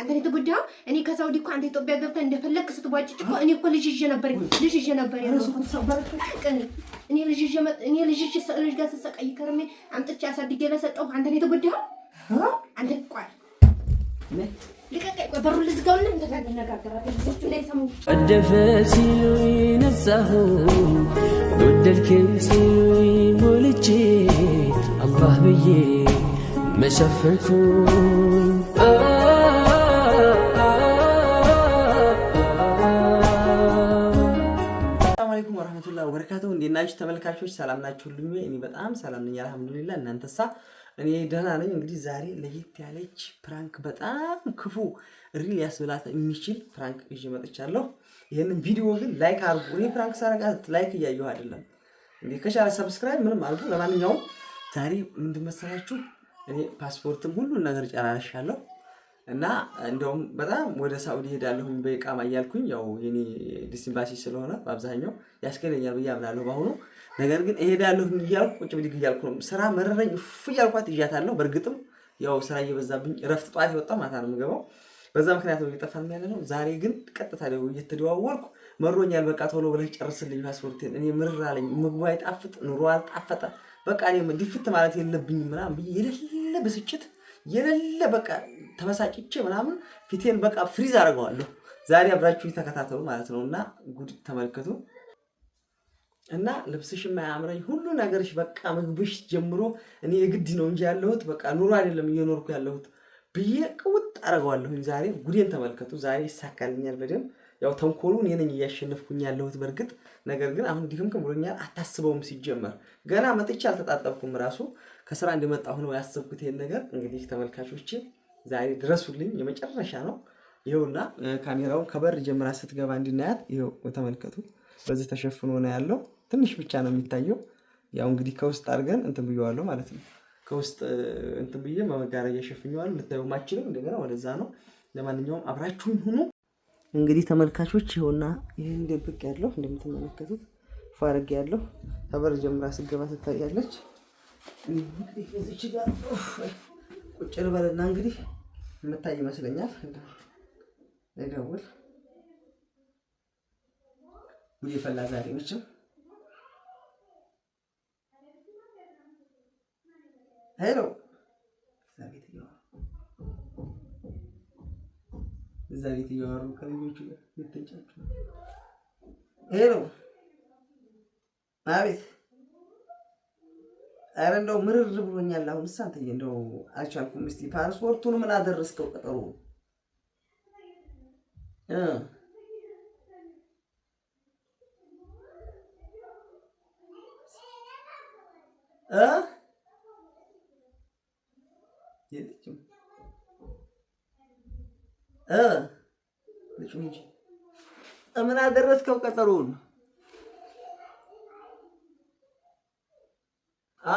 አንተ እኔ ከሳውዲ እኮ አንተ ኢትዮጵያ ገብተህ እንደፈለግ ስትቧጭጭ እኮ እኔ እኮ ልጅ ይዤ ነበር ልጅ ይዤ ነበር እኔ ልጅ ይዤ እኔ ልጅ ጋር ስትሰቃይ ከርሜ አምጥቼ አሳድጌ ለሰጠሁ። አንተ ነው የተጎዳኸው። አንተ ቆይ ልቀቀኝ። ቆይ በሩን ልዝጋውና እንነጋገራለን። ልጆቹ ነጻሁ ወደድከኝ ሲሉኝ ሞልቼ አላህ ብዬ መሸፈንኩኝ አሰላሙአለይኩም ወራህመቱላሂ ወበረካቱሁ እንዴት ናችሁ ተመልካቾች ሰላም ናችሁ ሁሉ እኔ በጣም ሰላም ነኝ አልহামዱሊላህ እናንተሳ እኔ ደህና ነኝ እንግዲህ ዛሬ ለየት ያለች ፕራንክ በጣም ክፉ ሪል ያስብላት የሚችል ፕራንክ ይዤ መጥቻለሁ ይህንን ቪዲዮ ግን ላይክ አርጉ። እኔ ፕራንክ ሳረጋት ላይክ እያየሁ አይደለም እንዴ ከቻለ ሰብስክራይብ ምንም አርጉ። ለማንኛውም ዛሬ ምንድን መሰላችሁ እኔ ፓስፖርትም ሁሉን ነገር ጨራርሻለሁ እና እንደውም በጣም ወደ ሳኡዲ ሄዳለሁኝ በኢቃማ እያልኩኝ ያው የኔ ዲስኤምባሲ ስለሆነ በአብዛኛው ያስገደኛል ብዬ አምናለሁ በአሁኑ። ነገር ግን እሄዳለሁኝ እያልኩ ቁጭ ብድግ እያልኩ ነው። ስራ መረረኝ ፍ እያልኳት ይዣታለሁ። በእርግጥም ያው ስራ እየበዛብኝ እረፍት ጠዋት የወጣ ማታ ነው የምገባው። በዛ ምክንያት ነው እየጠፋን ያለ ነው። ዛሬ ግን ቀጥታ ደ እየተደዋወልኩ መሮኛል፣ በቃ ቶሎ ብለህ ጨርስልኝ ፓስፖርቴን። እኔ ምርር አለኝ። ምግቡ አይጣፍጥ፣ ኑሮ አልጣፈጠ በቃ እኔም ድፍት ማለት የለብኝም ምናምን ብዬ የሌለ ብስጭት የሌለ በቃ ተበሳጭቼ ምናምን ፊቴን በቃ ፍሪዝ አድርገዋለሁ ዛሬ አብራችሁ ተከታተሉ ማለት ነው እና ጉድ ተመልከቱ እና ልብስሽ የማያምረኝ ሁሉ ነገርሽ በቃ ምግብሽ ጀምሮ እኔ የግድ ነው እንጂ ያለሁት በቃ ኑሮ አይደለም እየኖርኩ ያለሁት ብዬ ቅውጥ አደርገዋለሁኝ። ዛሬ ጉዴን ተመልከቱ። ዛሬ ይሳካልኛል በደንብ ያው ተንኮሉ እኔ ነኝ እያሸነፍኩኝ ያለሁት በእርግጥ ነገር ግን አሁን ድክምክም ብሎኛል። አታስበውም ሲጀመር ገና መጥቼ አልተጣጠብኩም። ራሱ ከስራ እንደመጣሁ ነው ያሰብኩት ይሄን ነገር። እንግዲህ ተመልካቾች ዛሬ ድረሱልኝ፣ የመጨረሻ ነው። ይኸውና ካሜራውን ከበር ጀምራ ስትገባ እንድናያት ይኸው ተመልከቱ። በዚህ ተሸፍኖ ነው ያለው። ትንሽ ብቻ ነው የሚታየው። ያው እንግዲህ ከውስጥ አድርገን እንትን ብየዋለሁ ማለት ነው። ከውስጥ እንትን ብዬ በመጋረጃ ሸፍኘዋለሁ። ልታዩ ማችልም እንደገና ወደዛ ነው። ለማንኛውም አብራችሁኝ ሁኑ። እንግዲህ ተመልካቾች ይሆና ይህን ደብቅ ያለው እንደምትመለከቱት ፋርግ ያለው ከበር ጀምራ ስገባ ትታያለች። ቁጭ ልበልና እንግዲህ የምታይ ይመስለኛል። ልደውል ጉድ ፈላ ዛሬ መቼም ሄሎ እዛ ቤት እያወሩ ከልጆቹ ጋር የተጫጩ ሄሎ፣ አቤት። አረ እንደው ምርር ብሎኛል። አሁን ሳንተዬ እንደው አልቻልኩም። እስቲ ፓስፖርቱን ምን አደረስከው? ቀጠሮ እ እ ምን አደረስከው ቀጠሮውን?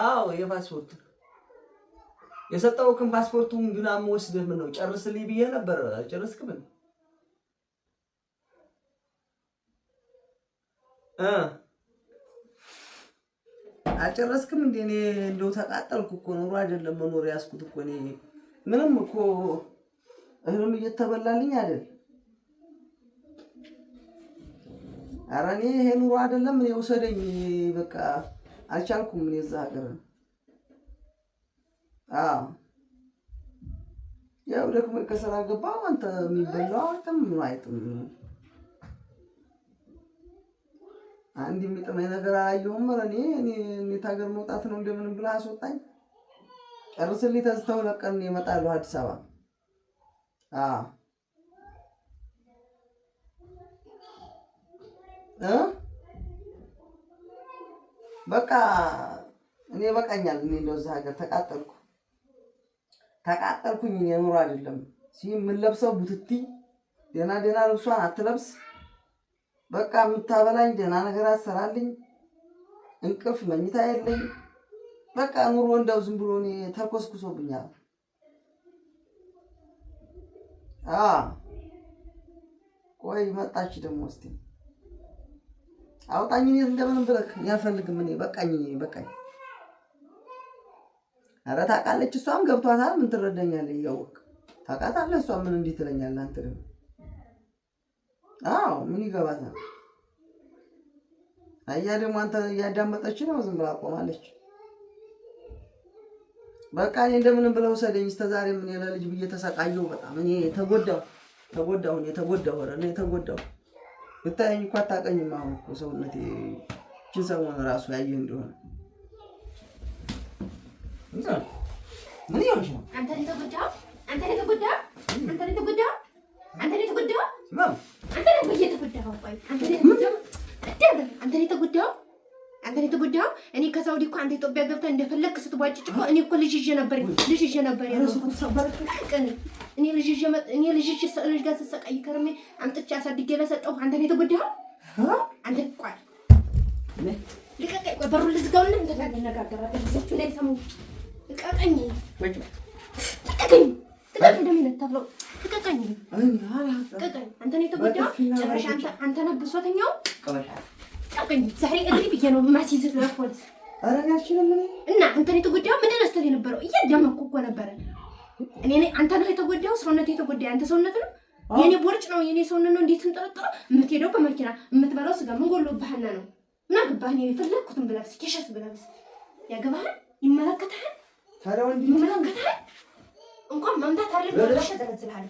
አዎ የፓስፖርት የሰጠውክን ፓስፖርቱን ግን ወስደህ ምን ነው ጨርስልኝ ብዬ ነበር። ጨርስክም እ አጨረስክም እንዴ? እኔ እንደው ተቃጠልኩ እኮ ኑሮ አይደለም መኖር ያስኩት እኮ እኔ ምንም እኮ እህሉም እየተበላልኝ አይደል? ኧረ እኔ ይሄ ኑሮ አይደለም። እኔ ውሰደኝ በቃ አልቻልኩም። እኔ እዛ ሀገር አዎ፣ ያው ደግሞ ከስራ ገባ። አንተ የሚበላው አይጥም ነው አይጥም። አንድ የሚጥመኝ ነገር አላየሁም። ኧረ እኔ እኔ እንዴት ሀገር መውጣት ነው እንደምን ብለህ አስወጣኝ። ጨርስልኝ። ተዝተው ለቀን እመጣለሁ አዲስ አበባ በቃ እኔ በቃኛል። እኔ እንደው ሀገር ተቃጠልኩ ተቃጠልኩኝ። እኔ ኑሮ አይደለም ሲህ የምንለብሰው ቡትቲ ደህና ደህና ልብሷን አትለብስ። በቃ የምታበላኝ ደህና ነገር አትሰራልኝ። እንቅልፍ መኝታ የለኝ። በቃ ኑሮ እንደው ዝም ብሎ እኔ ተኮስኩሶብኛል። ቆይ መጣች ደግሞ እስኪ አውጣኝ። እኔ እንደምንም ብለህ እኔ እኔ በቃኝ፣ እኔ በቃኝ። ኧረ ታውቃለች፣ እሷም ገብቷታል። ምን ትረዳኛለህ? እያወቅህ ታውቃታለህ። እሷ ምን እንዲህ ትለኛለህ? አንተ ደግሞ አዎ፣ ምን ይገባታል? አያ ደግሞ አንተ እያዳመጠች ነው። ዝም ብላ አቆማለች። በቃ እኔ እንደምንም ብለው ሰደኝ። እስከ ዛሬ ምን ያለ ልጅ ብዬ ተሰቃየሁ። በጣም እኔ ተጎዳሁ፣ ተጎዳሁ፣ እኔ ተጎዳሁ፣ ኧረ እኔ ተጎዳሁ። ብታየኝ እኮ አታውቀኝም። አሁን እኮ ሰውነቴ ይህቺን ሰሞን እራሱ ያየ እንደሆነ ምን ይሆንሽ ነው አንተ ነው አንተ ነው የተጎዳኸው አንተ ነው የተጎዳኸው። እኔ ከሳውዲ እኮ አንተ ኢትዮጵያ ገብተህ እንደፈለክ ስትቧጭጭ እኮ እኔ እኮ ልጅ ይዤ ነበር ልጅ ይዤ ነበር እኔ ልጅ ይዤ እኔ ልጅ ይዤ ልጅ ጋር ስትሰቃይ ከርሜ አምጥቼ አሳድጌ ለሰጠው አንተ ነው የተጎዳኸው። አንተ ቆይ ልቀቀኝ፣ ቆይ በሩን ልዝጋውና እንደ ጋር እንነጋገራለን። ልጆቹ ላይ ሰሙ ልቀቀኝ፣ ልቀቀኝ ልቀቀኝ እንደሚነት ተብለው ልቀቀኝ፣ ልቀቀኝ። አንተ ነው የተጎዳኸው። ጭራሽ አንተ አንተ ነህ ብሶተኛው ዛሬ እሪ ብዬ ነው ማስይዝህ ለፖሊስ እና አንተን የተጎዳኸው ምንድን ነው ስትል የነበረው እያዳመኩህ እኮ ነበረ። እኔ አንተ ነህ የተጎዳኸው፣ ሰውነት የተጎዳ አንተ ሰውነት ነው። የእኔ ቦርጭ ነው የእኔ ሰውነት ነው። እንዴት እንጠረጥረው? የምትሄደው በመኪና የምትበላው ስጋ ምን ጎሎብህና ነው? ምን አገባህ? እኔ የፈለግኩትን ብለብስ ኬሸት ብለብስ ያገባሃል? ይመለከትሃል? ይመለከትሃል? እንኳን መምታት አለ ዘረዝልሃለሁ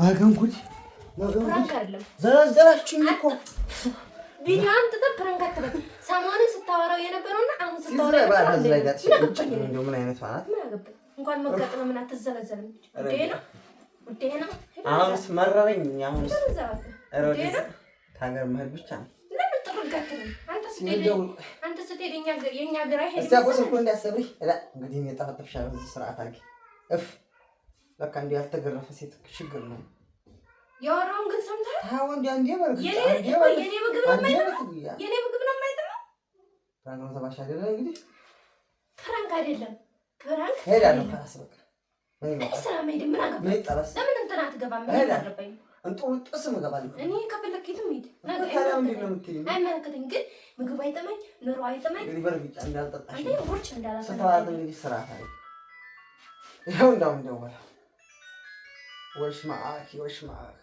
ማገንኩት ዘረዘራችሁ እኮ ቪዲዮ አምጥተህ ፕራንክ አትበል። ሰሞኑን ስታወራው የነበረውና አሁን ስታወራው የነበረው ምን አይነት ማለት እንኳን መጋጥ ነው። ምን አትዘረዘርም። አሁንስ መረረኝ። አሁንስ ታገር መሄድ ብቻ ነው። አንተ ስትሄድ የእኛ ግራ እንግዲህ እፍ በቃ እንዲ ያልተገረፈ ሴት ችግር ነው። ያወራውን ግን ሰምተሃል? አንዴ የኔ ምግብ ነው የማይጠማ ፍራንክ ነው ተባሽ አይደለ? እንግዲህ ፍራንክ አይደለም ፍራንክ ሄዳለሁ። ከራስ በቃ ስራ መሄድ ምን ለምን ምን እኔ ከፈለክ የትም ሂድ። አይመለከተኝ ግን ምግብ አይጠማኝ፣ ኑሮ አይጠማኝ። እንዳልጠጣሽ ስራ ይኸው እንዳሁን ደውላ ወሽማአክ ወሽማአክ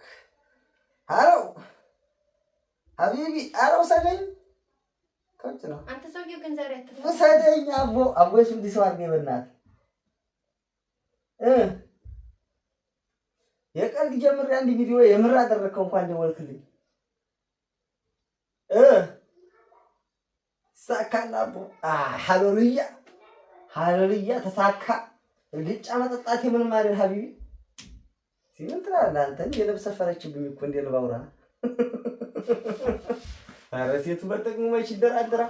አረው ሀቢቢ አረው ሰደኝ ሰደኝ አቦ አቦች እንዲህ ሰው አድርጌ በእናትህ የቀልድ ጀምሬ አንድ ቪዲዮ የምር አደረግከው እንኳን ደወልክልኝ ይሳካል አቦ ሀለሉያ ሀለሉያ ተሳካ እርግጫ መጠጣቴ ምንም አይደል ሀቢቢ ሲምን ትላለህ አንተ። የንብ ሰፈረችብኝ እኮ እንደ ልባውራ። አውራ። ኧረ ሴቱ በጥቅሙ መች ይደራደራ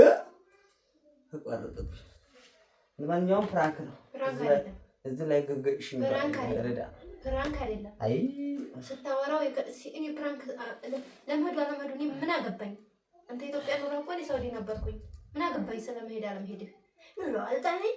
እ ተቋረጠብሽ። ለማንኛውም ፍራንክ ነው። እዚህ ላይ ግግሽ ረዳ ፍራንክ አይደለም። አይ ስታወራው እኔ ፕራንክ ለመሄዱ አለመሄዱ እኔ ምን አገባኝ? አንተ ኢትዮጵያ ኑሮ እኮ እኔ ሳውዲ ነበርኩኝ። ምን አገባኝ ስለመሄድ አለመሄድ? ኑሮ አልጣለኝ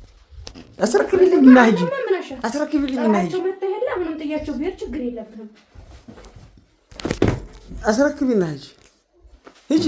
አስረክብልኝ እና ሂጂ። አስረክብልኝ እና ሂጂ። አስረክብልኝ እና ሂጂ ሂጂ